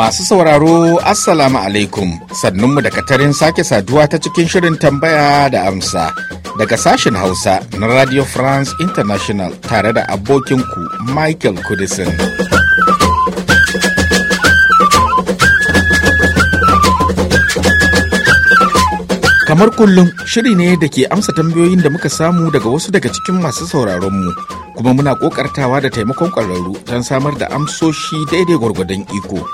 Masu sauraro Assalamu alaikum sannunmu da katarin sake saduwa ta cikin shirin tambaya da amsa daga sashen Hausa na Radio France International tare da abokinku Michael Kudisin. Kamar kullum shiri ne da ke amsa tambayoyin da muka samu daga wasu daga cikin masu sauraronmu kuma muna kokartawa da taimakon ƙwararru don samar da amsoshi daidai gwargwadon iko.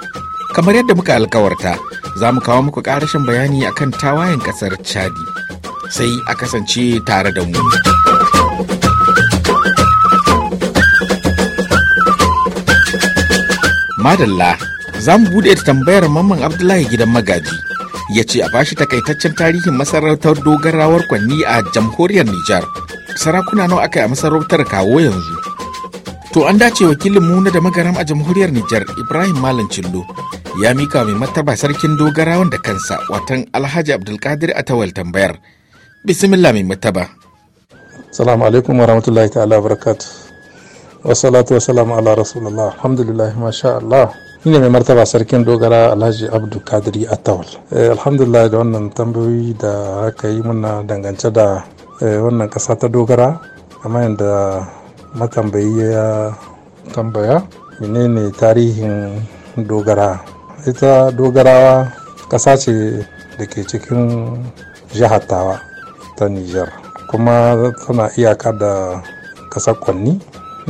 kamar yadda muka alkawarta za mu kawo muku ƙarashin bayani akan tawayen ƙasar chadi sai a kasance tare da mu madalla za mu buɗe ta tambayar mamman abdullahi gidan magaji ya ce a bashi takaitaccen tarihin masarautar dogarawar kwanni a jamhuriyar nijar sarakuna nawa aka yi a masarautar kawo yanzu to an dace wakilin na da magaram a jamhuriyar nijar ibrahim malam cillo ya mika mai martaba sarkin dogarawan da kansa watan alhaji abdulkadir tawal tambayar bismillah mai martaba salamu alaikum warahmatullahi ta'ala barakatu wasalatu wasalamu ala rasulullah alhamdulillah masha Allah ni ne mai martaba sarkin dogara alhaji abdul kadiri atawal eh, alhamdulillah da wannan tambayoyi da aka yi muna dangance da eh, wannan kasa ta dogara amma yadda matambayi ya tambaya menene tarihin dogara ita dogarawa ƙasa ce da ke cikin jihar tawa ta niger kuma tana iyaka da ƙasa kwanni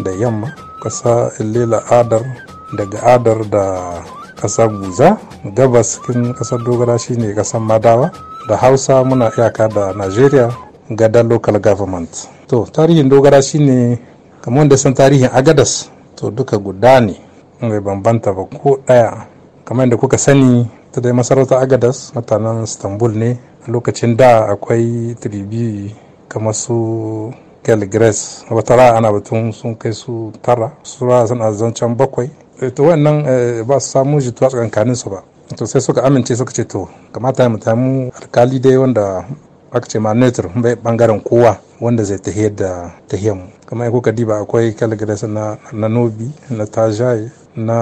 da yamma ƙasa lela adar daga adar da ƙasar guza gabas cikin ƙasar dogara shine ƙasar madawa da hausa muna iyaka da nigeria gada local government to tarihin dogara shine kamar da san tarihin agadas to duka guda ne bai bambanta ba ko ɗaya kamar yadda kuka sani ta dai masarautar agadas mutanen istanbul ne lokacin da akwai tribi kamar su Grace wata ra'a ana batun sun kai su tara su ra'a suna zancen bakwai eh, to wannan eh, ba su samu jituwa tsakankanin su ba to sai suka amince suka ce to kamata mu tamu alkali dai wanda aka ce ma netur bai bangaren kowa wanda zai tahiyar da tahiyar mu kamar kuka diba akwai Grace na nanobi na tajaye na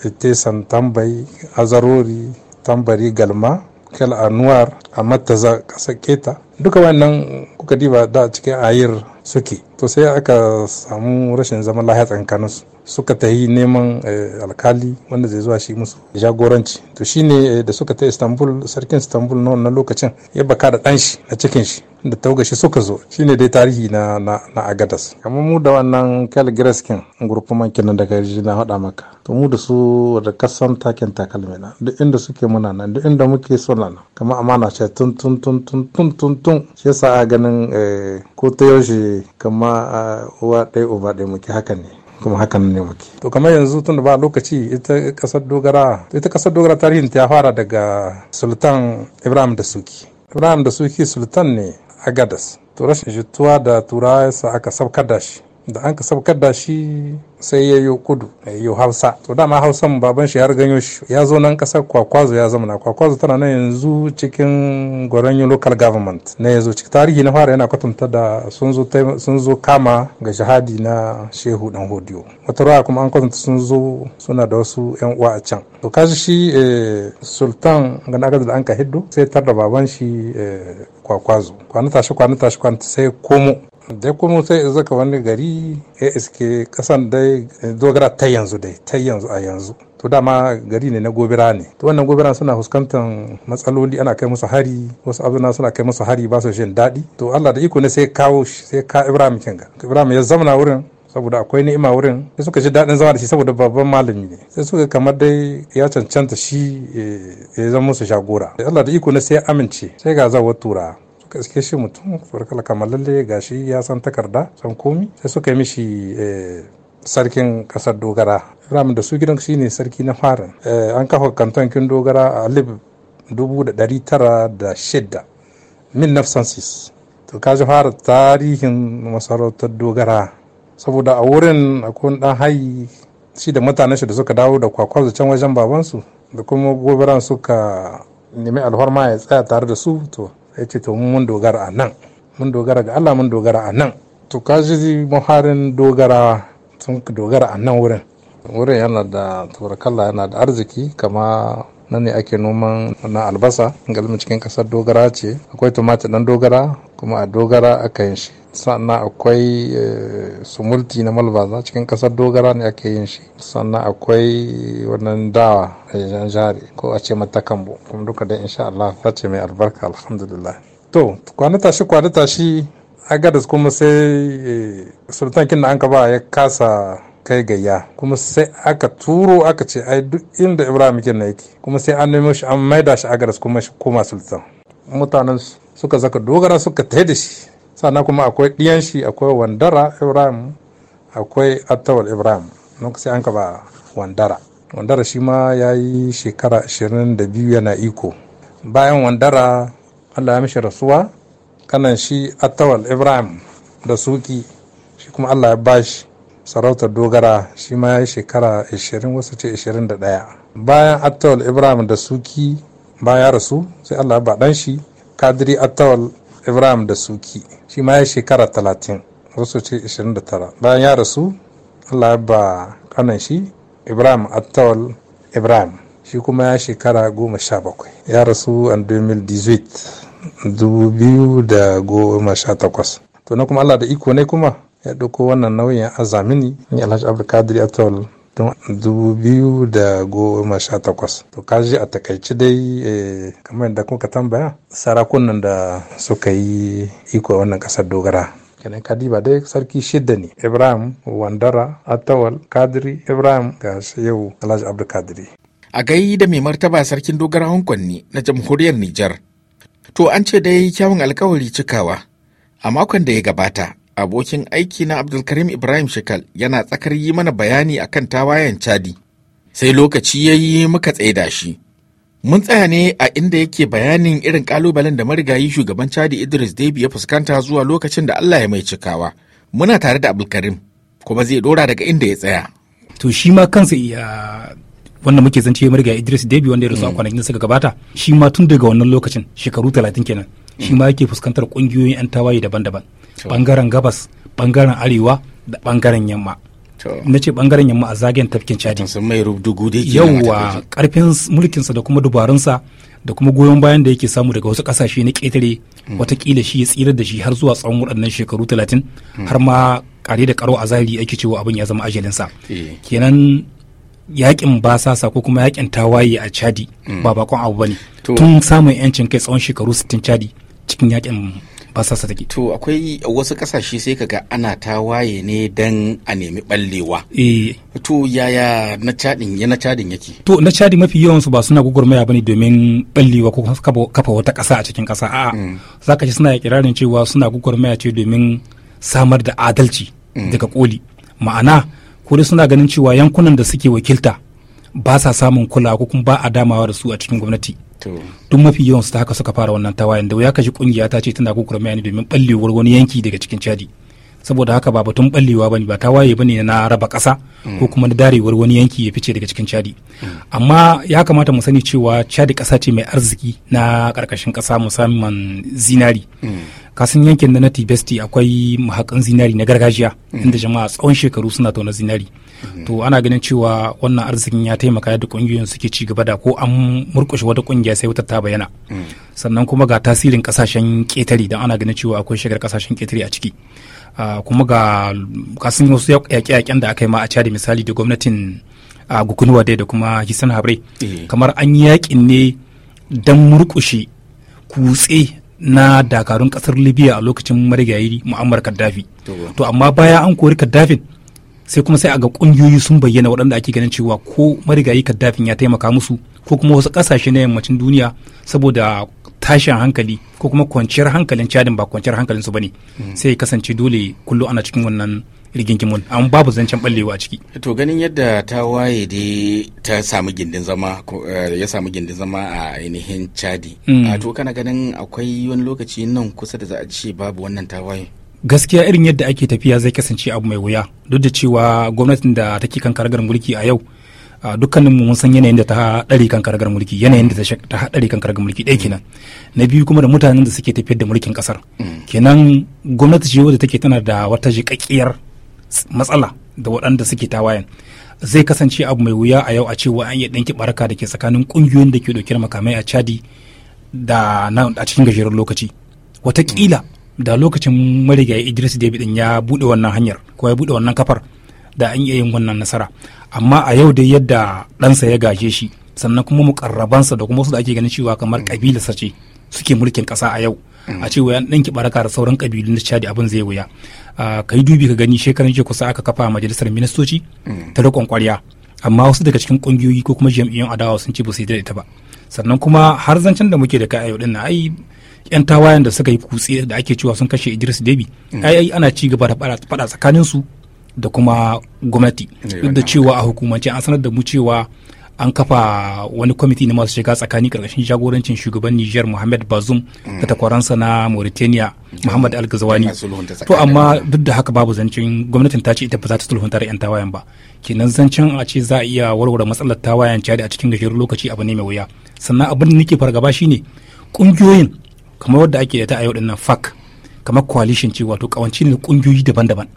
eh, ite san tambayi azarori tambari galma a anuwar a mataza kasa keta duka wannan kuka diba da cikin ayir suke to sai aka samu rashin zaman lahiya tsakaninsu suka yi neman eh, alkali wanda zai zuwa shi musu jagoranci to shine eh, da suka ta istanbul sarkin istanbul na lokacin ya baka da dan shi na cikin shi da tauga shi suka zo shine dai tarihi na na agadas amma mu da wannan kel greskin mankin kenan daga yarji na hada maka to mu da su da kasan takin takalmi na duk inda suke muna nan duk inda muke na nan kamar amana ce tun tun tun tun tun tun tun shi yasa ganin eh, ko ta yaushe kama ah, uwa ɗaya uba ɗaya muke haka ne kuma hakan ne muke to kamar yanzu tun da ba lokaci ita kasar dogara ita kasar dogara tarihin ta fara daga sultan ibrahim da suki ibrahim da suki sultan ne a gadas to rashin jituwa da turawa sa aka sabkar da shi da an ka saukar da shi sai ya yi kudu ya yi hausa to dama hausan baban shi har ganyo shi ya zo nan kasar kwakwazo ya zama na kwakwazo tana nan yanzu cikin gwaranyo local government na yanzu ciki tarihi na fara yana kwatanta da sun zo kama ga shahadi na shehu dan hodiyo wata ruwa kuma an kwatanta sun zo suna da wasu yan uwa a can to kashi shi eh, sultan gana da an ka hiddo sai tar da baban shi eh, kwakwazo kwana tashi kwana tashi kwana sai komo dai kuma sai in zaka wani gari ya iske kasan dai dogara ta yanzu dai ta yanzu a yanzu to dama gari ne na gobira ne to wannan gobira suna fuskantar matsaloli ana kai musu hari wasu abuna suna kai musu hari ba su jin daɗi to Allah da iko ne sai kawo sai ka Ibrahim kinga Ibrahim ya zamana wurin saboda akwai ni'ima wurin sai suka ji daɗin zama da shi saboda babban malami ne sai suka kamar dai ya cancanta shi eh, ya zama musu jagora Allah da iko ne sai ya amince sai ga zawo tura gaske shi mutum farkala kamar lalle shi ya san takarda san komi sai suka yi mishi eh, sarkin kasar dogara ramin da su gidan shi ne sarki na farin eh, an kafa kantan kin dogara a alif dubu da shidda min nafsansis to kaji fara tarihin masarautar dogara saboda a wurin akwai dan hayi shi da mutanen shi da suka dawo da kwakwar can wajen babansu da kuma gobiran suka nemi alfarma ya tsaya tare da su to ya ce to mun dogara a nan mun dogara ga Allah mun dogara a nan to kaji muharin dogara sun dogara a nan wurin wurin yana da tubarkalla yana da arziki kama na ne ake noman na albasa galibin cikin kasar dogara ce akwai tumatir dan dogara kuma a dogara aka yin shi sannan akwai eh, sumulti na malbaza cikin kasar dogara ne ake yin shi sannan akwai wannan dawa eh, jan jari ko a ce mata kambo kuma duka da insha Allah ta ce mai albarka alhamdulillah to kwana tashi kwana tashi kuma sai eh, sultan kinna an ba ya kasa kai gayya kuma sai aka turo aka ce ai duk inda ibrahim kinna yake kuma sai an nemo shi an maida shi agadas kuma shi koma sultan mutanen suka zaka dogara suka tai da shi sannan kuma akwai ɗiyan shi akwai wandara ibrahim akwai attawal ibrahim don sai an ba wandara wandara shi ma ya yi shekara 22 yana iko bayan wandara allah ya mishi rasuwa kanan shi attawal ibrahim da suki shi kuma allah ya shi sarautar dogara shi ma ya yi shekara 20 wasu ce 21 bayan attawal ibrahim da suki ba ya rasu sai allah ya baɗan shi kadiri attawal ibrahim da suki shi ma ya shekara 30 wasu ce 29 bayan ya rasu allah ya ba kanan shi ibrahim attawal ibrahim shi kuma ya shekara 17 ya rasu a 2018 to na kuma allah da iko ne kuma ya ɗauko wannan nauyin azamini ni alhaji abdulkadir attawal 2018 to kaji a takaici dai eh, kamar da kuka tambaya sarakunan da suka yi iko wannan kasar dogara kenan kadiba dai sarki shidda ne ibrahim wandara atawal kadiri ibrahim ga yau alhaji abdulkadiri kadiri a gai da mai martaba sarkin dogara hankwanni na jamhuriyar nijar to an ce dai kyawun alkawari cikawa a makon da ya gabata Abokin aiki na Abdulkarim Ibrahim Shekal yana tsakar yi mana bayani akan tawayen Chadi. Sai lokaci ya yi muka tsaida shi. Mun tsaya ne a inda yake bayanin irin kalubalen da marigayi shugaban Chadi Idris Deby ya fuskanta zuwa lokacin da Allah ya mai cikawa. Muna tare da Abdulkarim kuma zai dora daga inda ya tsaya. To shi ma kansa iya wannan muke zance marigayi Idris Deby wanda ya rasu a hmm. kwanakin da suka gabata shi ma tun daga wannan lokacin shekaru talatin kenan shi ma yake fuskantar kungiyoyin 'yan tawaye daban-daban. bangaren gabas bangaren arewa da bangaren yamma na ce bangaren yamma a zagayen tafkin chadi yauwa karfin mulkinsa da kuma dubarunsa da kuma goyon bayan da yake samu daga wasu kasashe na Wata hmm. watakila shi ya tsira da shi har zuwa tsawon waɗannan shekaru talatin hmm. har ma kare da karo a zahiri ake cewa abin ya zama ajalinsa eh. kenan yakin basasa ko kuma yakin tawaye a Cadi. Hmm. ba bakon abu bane tun samun yancin kai tsawon shekaru 60 chadi cikin yakin ba sa take to akwai wasu kasashe sai ka ga ana ta waye ne dan a nemi ballewa eh to yaya na cadin ya na cadin yake to na cadin mafi yawan su ba suna gugurmaya bane domin ballewa ko kafa wata kasa a cikin kasa a'a mm. zaka ci suna kirarin cewa suna gugurmaya ce domin samar da adalci mm. daga koli ma'ana ko dai suna ganin cewa yankunan da suke wakilta ba sa samun kula ko kuma ba a damawa da su a cikin gwamnati duk mafi yawan su ta haka suka fara wannan tawayen da wuya kashi kungiya ta ce tana kokurmiya ne domin ballewar wani yanki daga cikin chadi saboda haka ba batun ballewa bane ba ta waye ba ne na raba kasa. ko kuma na darewar wani yanki ya fice daga cikin cadi. amma ya kamata mu sani cewa cadi kasa ce mai arziki na ƙarƙashin kasa musamman zinari kasan yankin da na tibesti akwai mahakan zinari na gargajiya inda jama'a tsawon shekaru suna tauna zinari to ana ganin cewa wannan arzikin ya taimaka yadda kungiyoyin suke ci gaba da ko an murkushe wata ƙungiya sai wata ta bayyana sannan kuma ga tasirin ƙasashen ketare don ana ganin cewa akwai shigar kasashen ketare a ciki Ah, kuma ga kasin wasu yaƙe-yaƙen da aka yi ma a cari misali da gwamnatin ah, gukunuwa dai da kuma hisan habre eh. kamar an yi yaƙin ne don murƙushe kutse na dakarun ƙasar libya a lokacin marigayi mu'ammar kaddafi to amma baya an kori kaddafin sai kuma sai a ga ƙungiyoyi sun bayyana waɗanda ake ganin cewa ko marigayi kaddafin ya taimaka musu ko kuma wasu ƙasashe na yammacin duniya saboda tashin hankali ko kuma kwanciyar hankalin cadin ba kwanciyar hankalin su ne hmm. sai kasance dole kullu ana cikin wannan rigingimun an babu zancen ballewa a ciki to ganin yadda ta waye dai ta samu gindin zama eh, ya samu gindin zama a ainihin cadi hmm. a to kana ganin akwai wani lokaci nan kusa da za a ce babu wannan tawaye gaskiya irin yadda ake tafiya zai kasance abu mai wuya duk da cewa gwamnatin da take kan karagar mulki a yau Ah, dukkanin mun san yanayin da ta haɗari kan karagar mulki yanayin da ta haɗari kan karagar mulki ɗaya kenan na biyu kuma da mutanen da suke tafiyar da mulkin kasar mm. kenan gwamnati ce wadda take tana da wata jiƙaƙƙiyar matsala da waɗanda suke tawayen zai kasance abu mai wuya a yau a cewa an yi ɗanki baraka da ke tsakanin ƙungiyoyin da ke ɗauke makamai a cadi da a cikin gajeren lokaci watakila mm. da lokacin marigayi idris david ya buɗe wannan hanyar ko ya buɗe wannan kafar da an iya yin wannan nasara amma a yau dai yadda ɗansa ya gaje shi sannan kuma mukarrabansa da kuma wasu da ake ganin cewa kamar kabilarsa mm. ce suke mulkin ƙasa a yau mm. a ce wayan ɗanki baraka da sauran ƙabilun cadi abin zai wuya ka yi dubi ka gani shekaran jiya kusa aka kafa majalisar ministoci mm. ta riƙon ƙwarya amma wasu daga cikin ƙungiyoyi ko kuma jam'iyyun adawa sun ce ba su yi ta ba sannan kuma har zancen da muke da kai a yau ɗin ai yan tawayen da suka yi kutse da ake cewa sun kashe idris debi ai ana ci gaba da faɗa tsakanin su da kuma gwamnati duk da cewa a hukumance an sanar da mu cewa an kafa wani kwamiti na masu shiga tsakanin karkashin jagorancin shugaban Nijar Mohamed Bazoum hmm. da takwaransa na Mauritania Muhammad al To amma duk da haka babu zancen gwamnatin ta ce ita ba za ta sulhunta da 'yan tawayen ba. Kenan zancen a ce za a iya warware matsalar tawayen cari a cikin gajeren lokaci abu ne mai wuya. Sannan abin da nake fargaba shine kungiyoyin kamar wadda ake da ta a yau dinnan FAC kamar coalition ce wato kawanci ne kungiyoyi daban-daban.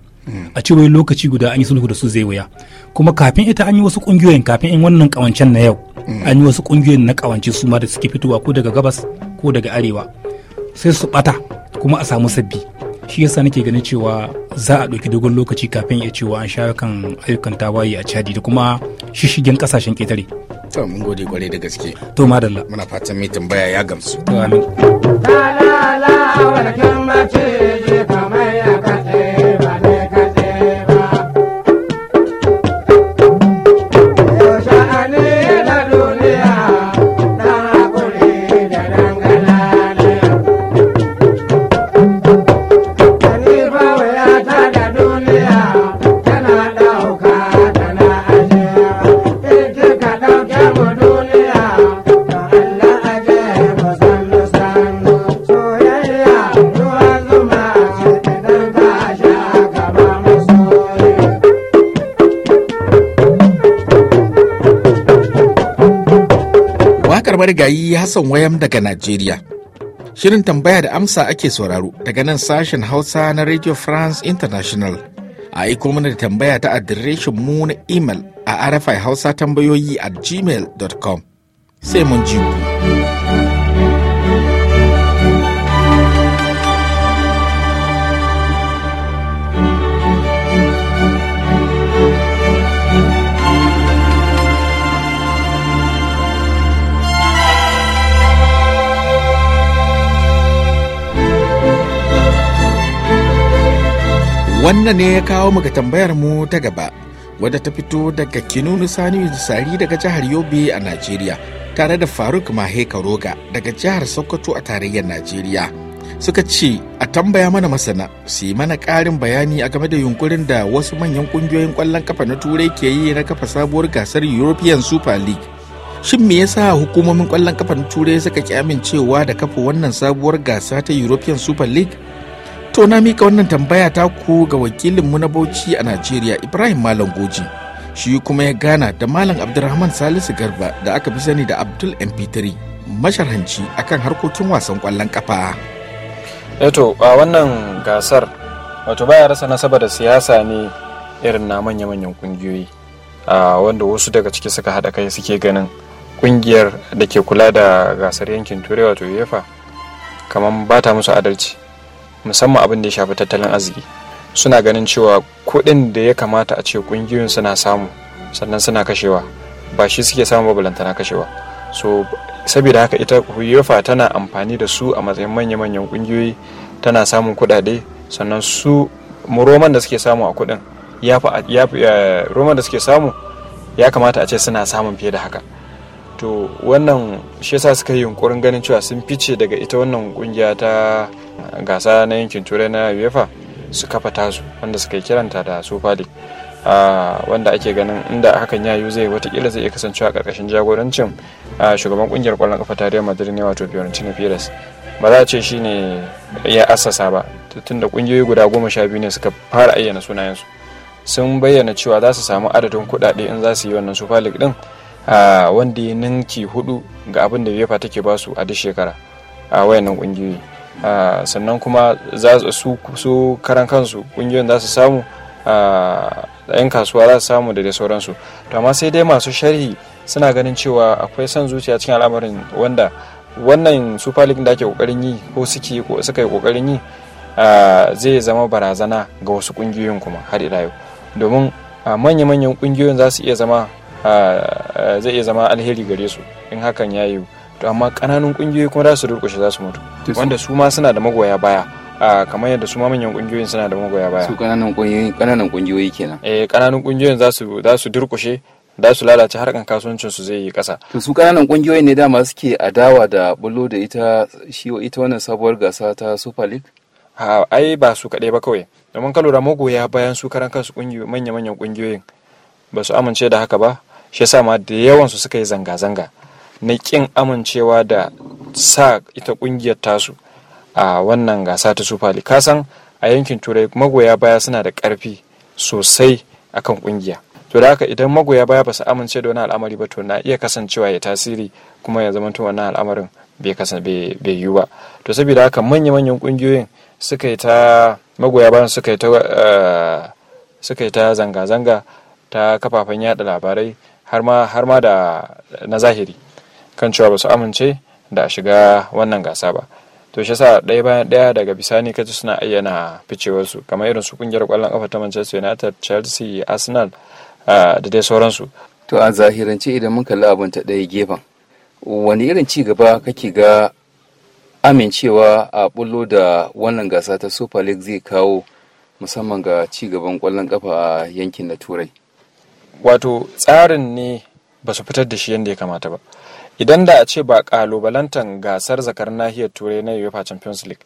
a ce wai lokaci guda an yi sulhu da su zai wuya kuma kafin ita an yi wasu kungiyoyin kafin in wannan kawancen na yau an yi wasu kungiyoyin na kawance su ma da suke fitowa ko daga gabas ko daga arewa sai su bata kuma a samu sabbi shi yasa nake ganin cewa za a ɗauki dogon lokaci kafin ya cewa an shawo kan ayyukan tawaye a chadi da kuma shishigen kasashen ketare to mun gode kwarai da gaske to madalla muna fatan mai tambaya ya gamsu to amin la la la mace ka marigayi Hassan Wayam daga Najeriya. Shirin tambaya da amsa ake sauraro daga nan sashen Hausa na Radio France International. A aiko mana da tambaya ta adireshin mu na imel a arafai hausa tambayoyi at gmail.com. Sai mun ji ku. wannan ne ya kawo muka tambayar mu ta gaba wadda ta fito daga kinunu sani sari daga jihar yobe a najeriya tare da faruk mahe karoga daga jihar sokoto a tarayyar najeriya suka ce a tambaya mana masana su yi mana ƙarin bayani a game da yunkurin da wasu manyan ƙungiyoyin ƙwallon kafa na turai ke yi na kafa sabuwar gasar european super league shin me yasa hukumomin ƙwallon kwallon na turai suka ki amincewa da kafa wannan sabuwar gasa ta european super league to na mika wannan tambaya ta ku ga wakilin mu na bauchi a najeriya ibrahim malam goji shi kuma ya gana da malam abdulrahman salisu garba da aka fi sani da abdul mp3 masharhanci akan harkokin wasan kwallon kafa eto eh a wannan gasar wato baya rasa nasaba da siyasa ne irin na manya-manyan kungiyoyi a wanda wasu daga ciki suka haɗa kai suke ganin kungiyar da ke kula da gasar yankin turai wato uefa kamar ba ta musu adalci musamman abin da ya shafi tattalin arziki suna ganin cewa kuɗin da ya kamata a ce ƙungiyoyin suna samu sannan suna kashewa ba shi suke samu babalantana kashewa so saboda haka ita uefa tana amfani da su a matsayin manya-manyan ƙungiyoyi tana samun kuɗaɗe sannan su roman da suke samu a kuɗin eh, roman da suke samu ya kamata a ce suna samun fiye da haka to wannan shi yasa suka yi yunkurin ganin cewa sun fice daga ita wannan kungiya ta gasa na yankin turai na uefa su kafa tasu wanda suka yi kiranta da super league ah, wanda ake ganin inda hakan ya yi zai watakila zai iya kasancewa karkashin jagorancin ah, shugaban kungiyar kwallon kafa tarayyar madrid ne wato fiorentina pires ba za a ce shine ya assasa ba tun da kungiyoyi guda goma sha biyu ne suka fara ayyana sunayensu sun bayyana cewa za su samu adadin kuɗaɗe in za su yi wannan super league din ah, wanda ya ninki hudu ga abin da uefa take basu a duk shekara a wayannan kungiyoyi Ah, sannan kuma za su su karan kansu kungiyoyin za su samu yan ah, kasuwa za su samu da dai sauransu to amma sai dai masu sharhi suna ganin cewa akwai son zuciya cikin al'amarin wanda wannan super league da ake kokarin yi ko suke suka yi kokarin yi ah, zai zama barazana ga wasu kungiyoyin kuma har ila yau domin manya-manyan kungiyoyin za su iya zama zai iya zama alheri gare su in hakan ya yiwu to amma kananan ƙungiyoyi kuma za su durƙushe za su mutu wanda su ma suna da magoya baya a kamar yadda su ma manyan kungiyoyin suna da magoya baya su kananan ƙungiyoyi kananan kungiyoyi kenan eh ƙananan kungiyoyin za su za su durƙushe da su lalace harkan kasuwancin su zai yi ƙasa to su kananan ƙungiyoyi ne dama suke adawa da bullo da ita shi ita wannan sabuwar gasa ta Super League ha ai ba su kaɗai ba kawai domin ka lura magoya bayan su karan kansu manya-manyan ƙungiyoyin ba su amince da haka ba shi yasa ma da yawan su suka yi zanga-zanga na ƙin amincewa da sa ita ƙungiyar tasu a wannan gasa ta sufali fali kasan a yankin turai magoya baya suna da ƙarfi sosai akan ƙungiya to da haka idan magoya baya ba su amince da wani al'amari ba to na iya kasancewa ya tasiri kuma ya zama wannan al'amarin bai yiwu ba to saboda haka manya-manyan ƙungiyoyin suka yi ta magoya bayan suka yi ta eh, suka yi ta zanga-zanga ta kafafen yada labarai har ma da na zahiri kan cewa ba su amince da a shiga wannan gasa ba to shi sa ɗaya bayan ɗaya daga bisani kaji suna ayyana ficewarsu kamar irin su kungiyar ƙwallon ƙafa ta manchester united chelsea arsenal ah, da dai sauransu to a zahirance idan mun kalli abin ta ɗaya gefen wani irin ci gaba kake ga amincewa a bullo da wannan gasa ta super league zai kawo musamman ga ci gaban ƙwallon ƙafa a yankin na turai wato tsarin ne ba su fitar da shi yadda ya kamata ba idan da a ce ba kalubalantan gasar zakar nahiyar turai na uefa champions league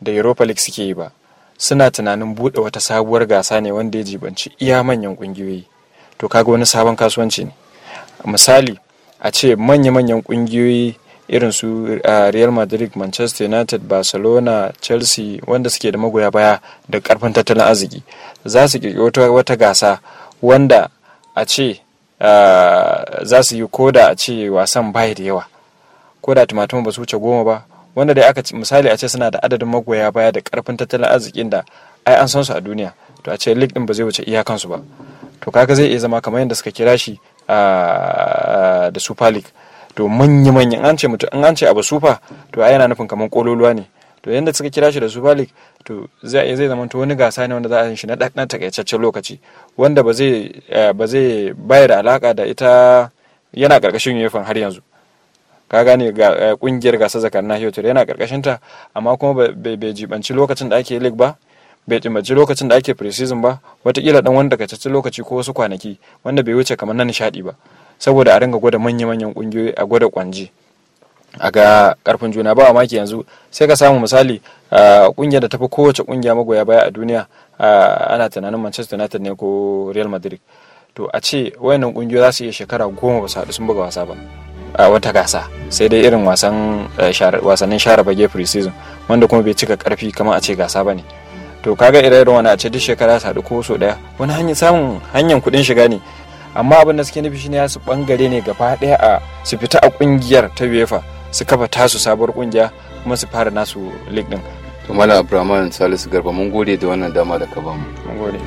da europa league suke yi ba suna tunanin buɗe wata sabuwar gasa ne wanda ya jibanci iya manyan ƙungiyoyi to kaga wani sabon kasuwanci ne misali a ce manya-manyan ƙungiyoyi irin su real madrid manchester united barcelona chelsea wanda suke da magoya baya da karfin tattalin arziki za su wata gasa wanda a ce Eh, za su yi koda a ce wasan bai da yawa koda tumatuma ba su wuce goma ba wanda dai aka misali a ce suna da adadin magoya baya da karfin tattalin arzikin da ai an san su a duniya to a ce league din ba zai wuce iyakansu ba to kaga zai iya zama kamar yadda suka kira shi eh, da super league to manya manyan an ce mutu an ce abu super to ai yana nufin kamar kololuwa ne to yadda suka kira shi da super league to zai zai zama wani gasa ne wanda za a yi shi na ɗan takaitaccen lokaci wanda ba zai eh, bayar da alaka da ita yana karkashin UEFA har yanzu ka gane kungiyar eh, gasa zakar na turai yana karkashin ta amma kuma bai jibanci lokacin da ake league ba bai jibanci lokacin da ake season ba watakila dan wani takaitaccen lokaci ko wasu kwanaki wanda bai wuce kamar na nishadi ba saboda a ringa gwada manya-manyan kungiyoyi a gwada kwanji a ga karfin juna ba maki yanzu sai ka samu misali kungiyar da tafi kowace kungiya magoya baya a duniya ana tunanin manchester united ne ko real madrid to a ce wayannan kungiyoyi za su iya shekara goma ba su haɗu sun buga wasa ba a wata gasa sai dai irin wasannin share bage pre-season wanda kuma bai cika karfi kamar a ce gasa ba ne to kaga ire irin wani a ce duk shekara su haɗu ko so ɗaya wani hanyar samun hanyar kuɗin shiga ne amma abin da suke nufi shine su bangare ne gaba daya a su fita a ƙungiyar ta uefa su kafa tasu sabuwar kungiya kuma su fara nasu league din to mala abraman salisu garba mun gode da wannan dama da ka bamu mun gode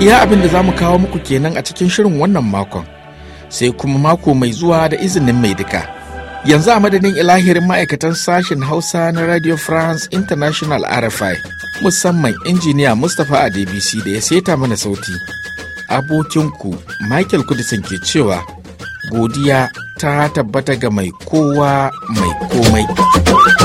iya abin da za mu kawo muku kenan a cikin shirin wannan makon sai kuma mako mai zuwa da izinin mai duka yanzu a madadin ilahirin ma'aikatan sashen hausa na radio france international rfi musamman injiniya mustapha adbc da ya seta mana sauti abokinku michael kudisin ke cewa godiya ta tabbata ga mai kowa mai komai